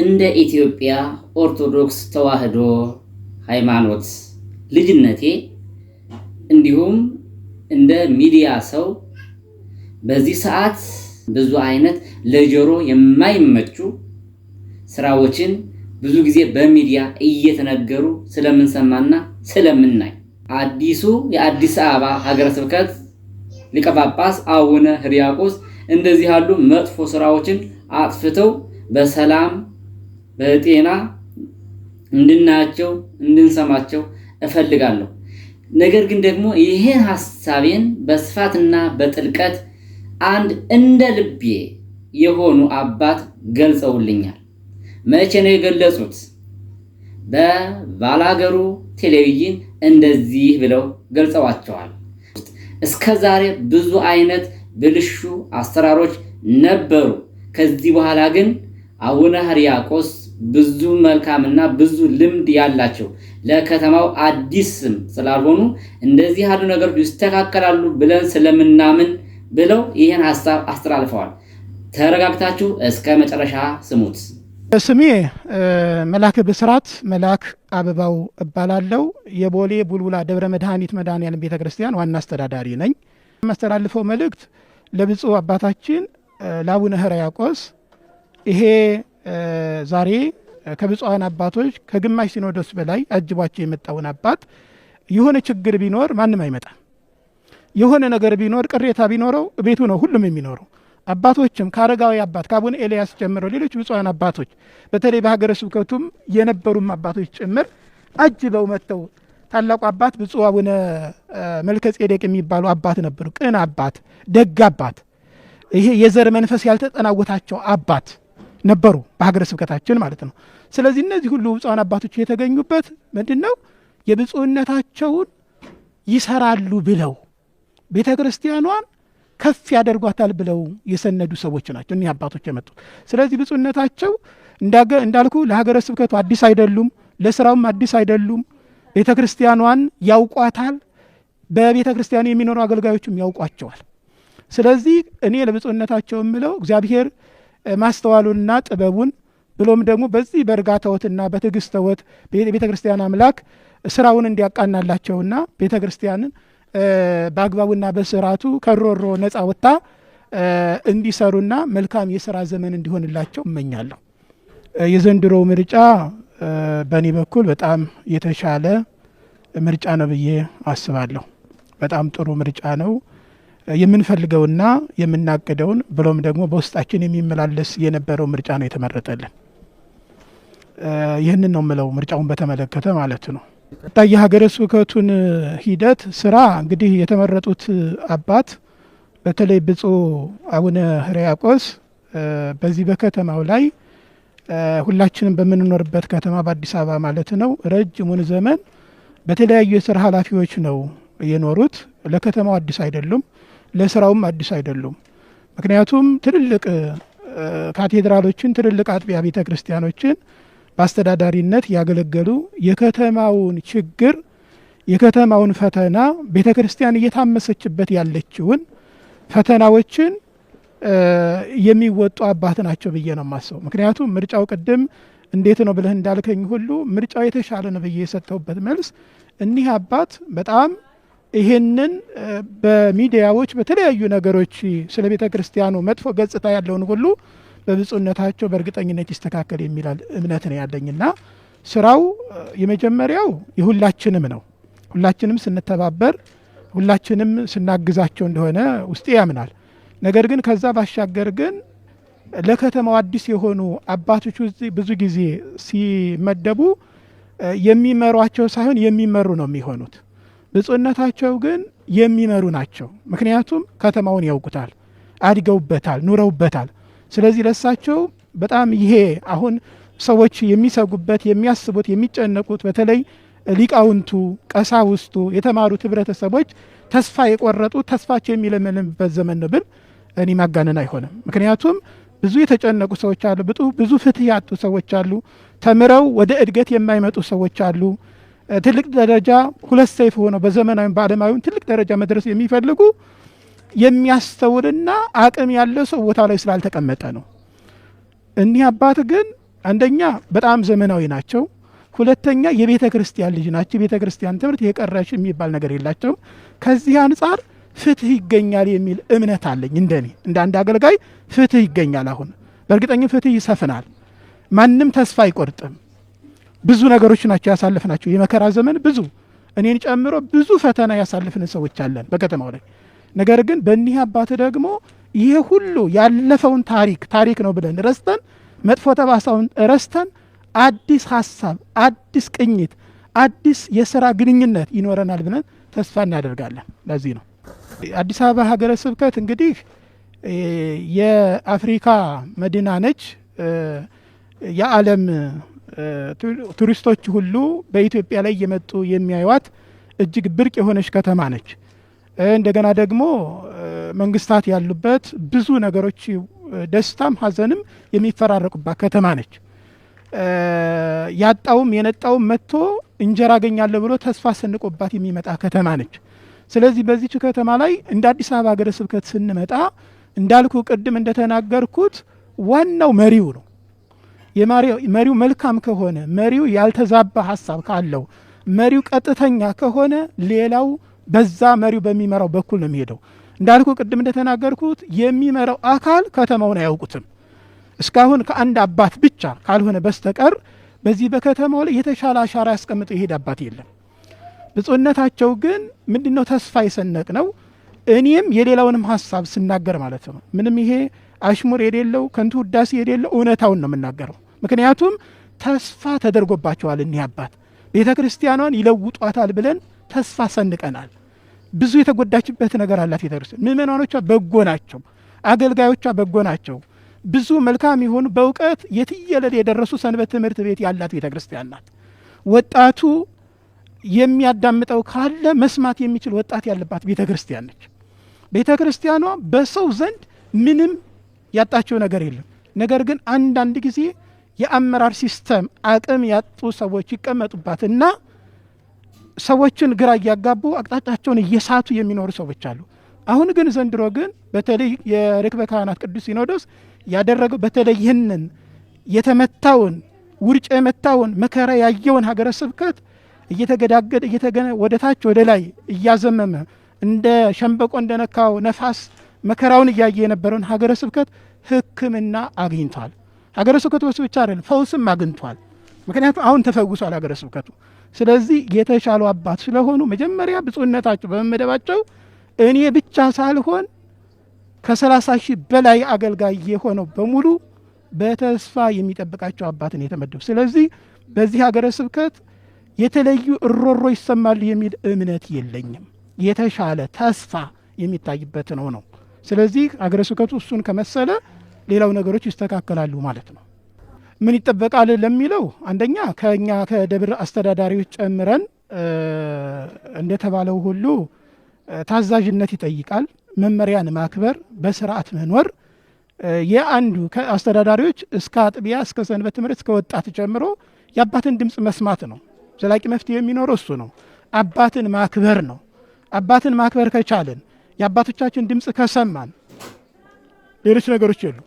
እንደ ኢትዮጵያ ኦርቶዶክስ ተዋሕዶ ሃይማኖት ልጅነቴ እንዲሁም እንደ ሚዲያ ሰው በዚህ ሰዓት ብዙ አይነት ለጆሮ የማይመቹ ስራዎችን ብዙ ጊዜ በሚዲያ እየተነገሩ ስለምንሰማና ስለምናይ አዲሱ የአዲስ አበባ ሀገረ ስብከት ሊቀ ጳጳስ አቡነ ሕርያቆስ እንደዚህ ያሉ መጥፎ ስራዎችን አጥፍተው በሰላም በጤና እንድናያቸው እንድንሰማቸው እፈልጋለሁ። ነገር ግን ደግሞ ይህን ሀሳቤን በስፋትና በጥልቀት አንድ እንደ ልቤ የሆኑ አባት ገልጸውልኛል። መቼ ነው የገለጹት? በባላገሩ ቴሌቪዥን እንደዚህ ብለው ገልጸዋቸዋል። እስከ ዛሬ ብዙ አይነት ብልሹ አሰራሮች ነበሩ። ከዚህ በኋላ ግን አቡነ ሕርያቆስ ብዙ መልካምና ብዙ ልምድ ያላቸው ለከተማው አዲስ ስም ስላልሆኑ እንደዚህ ያሉ ነገሮች ይስተካከላሉ ብለን ስለምናምን ብለው ይህን ሀሳብ አስተላልፈዋል። ተረጋግታችሁ እስከ መጨረሻ ስሙት። ስሜ መላክ ብስራት መልአክ አበባው እባላለሁ። የቦሌ ቡልቡላ ደብረ መድኃኒት መድኃኔዓለም ቤተ ክርስቲያን ዋና አስተዳዳሪ ነኝ። የማስተላልፈው መልእክት ለብፁዕ አባታችን ለአቡነ ሕርያቆስ ይሄ ዛሬ ከብፁዓን አባቶች ከግማሽ ሲኖዶስ በላይ አጅቧቸው የመጣውን አባት የሆነ ችግር ቢኖር ማንም አይመጣም። የሆነ ነገር ቢኖር ቅሬታ ቢኖረው ቤቱ ነው ሁሉም የሚኖረው። አባቶችም ከአረጋዊ አባት ከአቡነ ኤልያስ ጀምሮ ሌሎች ብፁዓን አባቶች በተለይ በሀገረ ስብከቱም የነበሩም አባቶች ጭምር አጅበው መጥተው ታላቁ አባት ብፁዕ አቡነ መልከ ጼዴቅ የሚባሉ አባት ነበሩ። ቅን አባት፣ ደግ አባት፣ ይሄ የዘር መንፈስ ያልተጠናወታቸው አባት ነበሩ በሀገረ ስብከታችን ማለት ነው። ስለዚህ እነዚህ ሁሉ ብፁዓን አባቶች የተገኙበት ምንድን ነው የብፁዕነታቸውን ይሰራሉ ብለው ቤተ ክርስቲያኗን ከፍ ያደርጓታል ብለው የሰነዱ ሰዎች ናቸው እኒህ አባቶች የመጡት። ስለዚህ ብፁዕነታቸው እንዳልኩ ለሀገረ ስብከቱ አዲስ አይደሉም፣ ለስራውም አዲስ አይደሉም። ቤተ ክርስቲያኗን ያውቋታል። በቤተ ክርስቲያኑ የሚኖሩ አገልጋዮችም ያውቋቸዋል። ስለዚህ እኔ ለብፁዕነታቸው የምለው እግዚአብሔር ማስተዋሉንና ጥበቡን ብሎም ደግሞ በዚህ በእርጋታዎትና በትዕግስተዎት ቤተ ክርስቲያን አምላክ ስራውን እንዲያቃናላቸውና ቤተ ክርስቲያንን በአግባቡና በስርዓቱ ከሮሮ ነጻ ወጥታ እንዲሰሩና መልካም የስራ ዘመን እንዲሆንላቸው እመኛለሁ። የዘንድሮ ምርጫ በእኔ በኩል በጣም የተሻለ ምርጫ ነው ብዬ አስባለሁ። በጣም ጥሩ ምርጫ ነው። የምንፈልገውና የምናቅደውን ብሎም ደግሞ በውስጣችን የሚመላለስ የነበረው ምርጫ ነው የተመረጠልን። ይህንን ነው ምለው ምርጫውን በተመለከተ ማለት ነው። ቀጣይ የሀገረ ስብከቱን ሂደት ስራ እንግዲህ የተመረጡት አባት በተለይ ብፁዕ አቡነ ሕርያቆስ በዚህ በከተማው ላይ ሁላችንም በምንኖርበት ከተማ በአዲስ አበባ ማለት ነው ረጅሙን ዘመን በተለያዩ የስራ ኃላፊዎች ነው የኖሩት። ለከተማው አዲስ አይደሉም። ለስራውም አዲስ አይደሉም። ምክንያቱም ትልልቅ ካቴድራሎችን ትልልቅ አጥቢያ ቤተ ክርስቲያኖችን በአስተዳዳሪነት ያገለገሉ የከተማውን ችግር የከተማውን ፈተና ቤተ ክርስቲያን እየታመሰችበት ያለችውን ፈተናዎችን የሚወጡ አባት ናቸው ብዬ ነው የማስበው። ምክንያቱም ምርጫው ቅድም እንዴት ነው ብለህ እንዳልከኝ ሁሉ ምርጫው የተሻለ ነው ብዬ የሰጠሁበት መልስ እኒህ አባት በጣም ይህንን በሚዲያዎች በተለያዩ ነገሮች ስለ ቤተ ክርስቲያኑ መጥፎ ገጽታ ያለውን ሁሉ በብፁዕነታቸው በእርግጠኝነት ይስተካከል የሚላል እምነት ነው ያለኝና ስራው የመጀመሪያው የሁላችንም ነው። ሁላችንም ስንተባበር፣ ሁላችንም ስናግዛቸው እንደሆነ ውስጤ ያምናል። ነገር ግን ከዛ ባሻገር ግን ለከተማው አዲስ የሆኑ አባቶች ብዙ ጊዜ ሲመደቡ የሚመሯቸው ሳይሆን የሚመሩ ነው የሚሆኑት። ብፁዕነታቸው ግን የሚመሩ ናቸው። ምክንያቱም ከተማውን ያውቁታል፣ አድገውበታል፣ ኑረውበታል። ስለዚህ ለሳቸው በጣም ይሄ አሁን ሰዎች የሚሰጉበት የሚያስቡት፣ የሚጨነቁት በተለይ ሊቃውንቱ፣ ቀሳውስቱ፣ የተማሩት ህብረተሰቦች ተስፋ የቆረጡት ተስፋቸው የሚለመልምበት ዘመን ነው ብል እኔ ማጋነን አይሆንም። ምክንያቱም ብዙ የተጨነቁ ሰዎች አሉ፣ ብዙ ፍትህ ያጡ ሰዎች አሉ፣ ተምረው ወደ እድገት የማይመጡ ሰዎች አሉ። ትልቅ ደረጃ ሁለት ሰይፍ ሆነው በዘመናዊም በዓለማዊም ትልቅ ደረጃ መድረስ የሚፈልጉ የሚያስተውልና አቅም ያለው ሰው ቦታ ላይ ስላልተቀመጠ ነው። እኒህ አባት ግን አንደኛ በጣም ዘመናዊ ናቸው። ሁለተኛ የቤተ ክርስቲያን ልጅ ናቸው። የቤተ ክርስቲያን ትምህርት የቀረሽ የሚባል ነገር የላቸውም። ከዚህ አንጻር ፍትህ ይገኛል የሚል እምነት አለኝ። እንደኔ እንደ አንድ አገልጋይ ፍትህ ይገኛል። አሁን በእርግጠኝም ፍትህ ይሰፍናል። ማንም ተስፋ አይቆርጥም። ብዙ ነገሮች ናቸው ያሳልፍናቸው። የመከራ ዘመን ብዙ እኔን ጨምሮ ብዙ ፈተና ያሳልፍን ሰዎች አለን በከተማው ላይ። ነገር ግን በእኒህ አባት ደግሞ ይሄ ሁሉ ያለፈውን ታሪክ ታሪክ ነው ብለን ረስተን መጥፎ ተባሳውን ረስተን አዲስ ሀሳብ፣ አዲስ ቅኝት፣ አዲስ የስራ ግንኙነት ይኖረናል ብለን ተስፋ እናደርጋለን። ለዚህ ነው አዲስ አበባ ሀገረ ስብከት እንግዲህ የአፍሪካ መዲና ነች። የዓለም ቱሪስቶች ሁሉ በኢትዮጵያ ላይ እየመጡ የሚያዩዋት እጅግ ብርቅ የሆነች ከተማ ነች። እንደገና ደግሞ መንግስታት ያሉበት ብዙ ነገሮች ደስታም ሀዘንም የሚፈራረቁባት ከተማ ነች። ያጣውም የነጣውም መጥቶ እንጀራ አገኛለሁ ብሎ ተስፋ ሰንቆባት የሚመጣ ከተማ ነች። ስለዚህ በዚች ከተማ ላይ እንደ አዲስ አበባ ሀገረ ስብከት ስንመጣ እንዳልኩ ቅድም እንደተናገርኩት ዋናው መሪው ነው። የመሪው መልካም ከሆነ መሪው ያልተዛባ ሀሳብ ካለው መሪው ቀጥተኛ ከሆነ ሌላው በዛ መሪው በሚመራው በኩል ነው የሚሄደው። እንዳልኩ ቅድም እንደተናገርኩት የሚመራው አካል ከተማውን አያውቁትም። እስካሁን ከአንድ አባት ብቻ ካልሆነ በስተቀር በዚህ በከተማው ላይ የተሻለ አሻራ ያስቀምጠው የሄደ አባት የለም። ብፁዕነታቸው ግን ምንድነው ተስፋ የሰነቅ ነው እኔም የሌላውንም ሀሳብ ስናገር ማለት ነው ምንም ይሄ አሽሙር የሌለው ከንቱ ውዳሴ የሌለው እውነታውን ነው የምናገረው። ምክንያቱም ተስፋ ተደርጎባቸዋል እኒህ አባት ቤተ ክርስቲያኗን ይለውጧታል ብለን ተስፋ ሰንቀናል። ብዙ የተጎዳችበት ነገር አላት ቤተ ክርስቲያን። ምእመናኖቿ በጎ ናቸው፣ አገልጋዮቿ በጎ ናቸው። ብዙ መልካም የሆኑ በእውቀት የትየለል የደረሱ ሰንበት ትምህርት ቤት ያላት ቤተ ክርስቲያን ናት። ወጣቱ የሚያዳምጠው ካለ መስማት የሚችል ወጣት ያለባት ቤተ ክርስቲያን ነች። ቤተ ክርስቲያኗ በሰው ዘንድ ምንም ያጣቸው ነገር የለም። ነገር ግን አንዳንድ ጊዜ የአመራር ሲስተም አቅም ያጡ ሰዎች ይቀመጡባትና ሰዎችን ግራ እያጋቡ አቅጣጫቸውን እየሳቱ የሚኖሩ ሰዎች አሉ። አሁን ግን ዘንድሮ ግን በተለይ የርክበ ካህናት ቅዱስ ሲኖዶስ ያደረገው በተለይ ይህንን የተመታውን ውርጭ የመታውን መከራ ያየውን ሀገረ ስብከት እየተገዳገደ ወደ ታች ወደ ላይ እያዘመመ እንደ ሸንበቆ እንደነካው ነፋስ መከራውን እያየ የነበረውን ሀገረ ስብከት ሕክምና አግኝቷል። ሀገረ ስብከቱ በሱ ብቻ አይደለም፣ ፈውስም አግኝቷል። ምክንያቱም አሁን ተፈውሷል ሀገረ ስብከቱ። ስለዚህ የተሻሉ አባት ስለሆኑ መጀመሪያ ብፁዕነታቸው በመመደባቸው እኔ ብቻ ሳልሆን ከሰላሳ ሺህ በላይ አገልጋይ የሆነው በሙሉ በተስፋ የሚጠብቃቸው አባትን የተመደቡ። ስለዚህ በዚህ ሀገረ ስብከት የተለዩ እሮሮ ይሰማሉ የሚል እምነት የለኝም። የተሻለ ተስፋ የሚታይበት ነው ነው። ስለዚህ አገረ ስብከቱ እሱን ከመሰለ ሌላው ነገሮች ይስተካከላሉ ማለት ነው። ምን ይጠበቃል ለሚለው አንደኛ ከኛ ከደብር አስተዳዳሪዎች ጨምረን እንደተባለው ሁሉ ታዛዥነት ይጠይቃል። መመሪያን ማክበር፣ በስርዓት መኖር የአንዱ ከአስተዳዳሪዎች እስከ አጥቢያ እስከ ሰንበት ትምህርት እስከ ወጣት ጨምሮ የአባትን ድምፅ መስማት ነው። ዘላቂ መፍትሄ የሚኖረው እሱ ነው። አባትን ማክበር ነው። አባትን ማክበር ከቻለን የአባቶቻችን ድምፅ ከሰማን ሌሎች ነገሮች የሉ።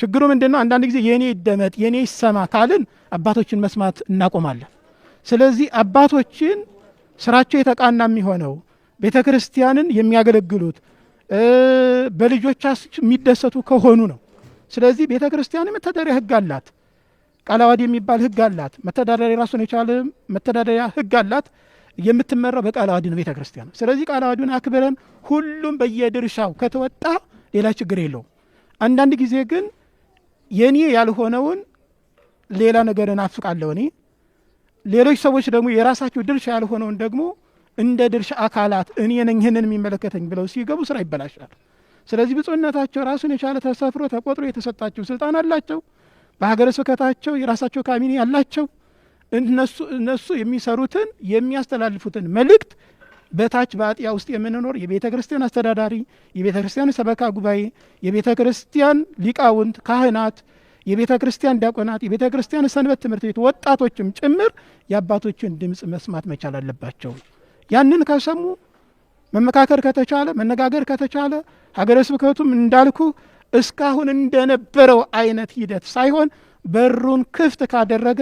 ችግሩ ምንድን ነው? አንዳንድ ጊዜ የእኔ ይደመጥ የእኔ ይሰማ ካልን አባቶችን መስማት እናቆማለን። ስለዚህ አባቶችን ስራቸው የተቃና የሚሆነው ቤተ ክርስቲያንን የሚያገለግሉት በልጆቻች የሚደሰቱ ከሆኑ ነው። ስለዚህ ቤተ ክርስቲያን መተዳደሪያ ህግ አላት። ቃለ ዓዋዲ የሚባል ህግ አላት። መተዳደሪያ ራሱን የቻለ መተዳደሪያ ህግ አላት። የምትመራው በቃለ ዓዋዲን ቤተ ክርስቲያን ነው። ስለዚህ ቃለ አዋዲን አክብረን ሁሉም በየድርሻው ከተወጣ ሌላ ችግር የለውም። አንዳንድ ጊዜ ግን የኔ ያልሆነውን ሌላ ነገር እናፍቃለሁ እኔ ሌሎች ሰዎች ደግሞ የራሳቸው ድርሻ ያልሆነውን ደግሞ እንደ ድርሻ አካላት እኔ ነኝ ይህንን የሚመለከተኝ ብለው ሲገቡ ስራ ይበላሻል። ስለዚህ ብፁዕነታቸው ራሱን የቻለ ተሰፍሮ ተቆጥሮ የተሰጣቸው ስልጣን አላቸው። በሀገረ ስብከታቸው የራሳቸው ካቢኔ አላቸው። እነሱ እነሱ የሚሰሩትን የሚያስተላልፉትን መልእክት በታች በአጥያ ውስጥ የምንኖር የቤተ ክርስቲያን አስተዳዳሪ፣ የቤተ ክርስቲያን ሰበካ ጉባኤ፣ የቤተ ክርስቲያን ሊቃውንት፣ ካህናት፣ የቤተ ክርስቲያን ዲያቆናት፣ የቤተ ክርስቲያን ሰንበት ትምህርት ቤት ወጣቶችም ጭምር የአባቶችን ድምፅ መስማት መቻል አለባቸው። ያንን ከሰሙ መመካከር ከተቻለ መነጋገር ከተቻለ ሀገረ ስብከቱም እንዳልኩ እስካሁን እንደነበረው አይነት ሂደት ሳይሆን በሩን ክፍት ካደረገ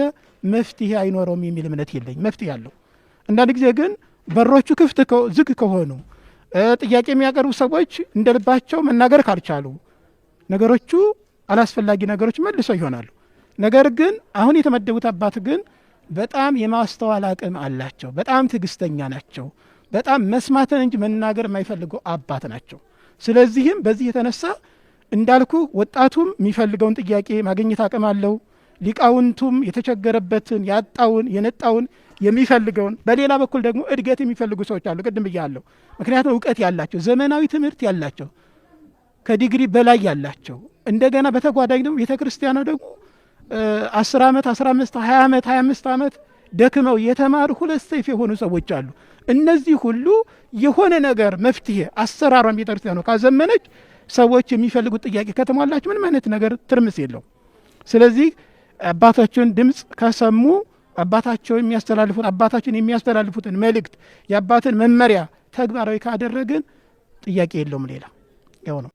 መፍትሄ አይኖረውም የሚል እምነት የለኝ። መፍትሄ አለው። አንዳንድ ጊዜ ግን በሮቹ ክፍት ዝግ ከሆኑ ጥያቄ የሚያቀርቡ ሰዎች እንደ ልባቸው መናገር ካልቻሉ ነገሮቹ አላስፈላጊ ነገሮች መልሰው ይሆናሉ። ነገር ግን አሁን የተመደቡት አባት ግን በጣም የማስተዋል አቅም አላቸው። በጣም ትዕግስተኛ ናቸው። በጣም መስማትን እንጂ መናገር የማይፈልገው አባት ናቸው። ስለዚህም በዚህ የተነሳ እንዳልኩ ወጣቱም የሚፈልገውን ጥያቄ ማግኘት አቅም አለው። ሊቃውንቱም የተቸገረበትን ያጣውን የነጣውን የሚፈልገውን በሌላ በኩል ደግሞ እድገት የሚፈልጉ ሰዎች አሉ። ቅድም ብያለሁ። ምክንያቱም እውቀት ያላቸው ዘመናዊ ትምህርት ያላቸው ከዲግሪ በላይ ያላቸው እንደገና በተጓዳኝ ደግሞ ቤተ ክርስቲያኗ ደግሞ አስር ዓመት አስራ አምስት ሀያ ዓመት ሀያ አምስት ዓመት ደክመው የተማሩ ሁለት ሰይፍ የሆኑ ሰዎች አሉ። እነዚህ ሁሉ የሆነ ነገር መፍትሄ አሰራሯን ቤተ ክርስቲያኗ ካዘመነች ሰዎች የሚፈልጉት ጥያቄ ከተሟላቸው ምንም አይነት ነገር ትርምስ የለው። ስለዚህ አባቶችን ድምፅ ከሰሙ አባታቸው የሚያስተላልፉት አባታችን የሚያስተላልፉትን መልእክት የአባትን መመሪያ ተግባራዊ ካደረግን ጥያቄ የለውም። ሌላ ያው ነው።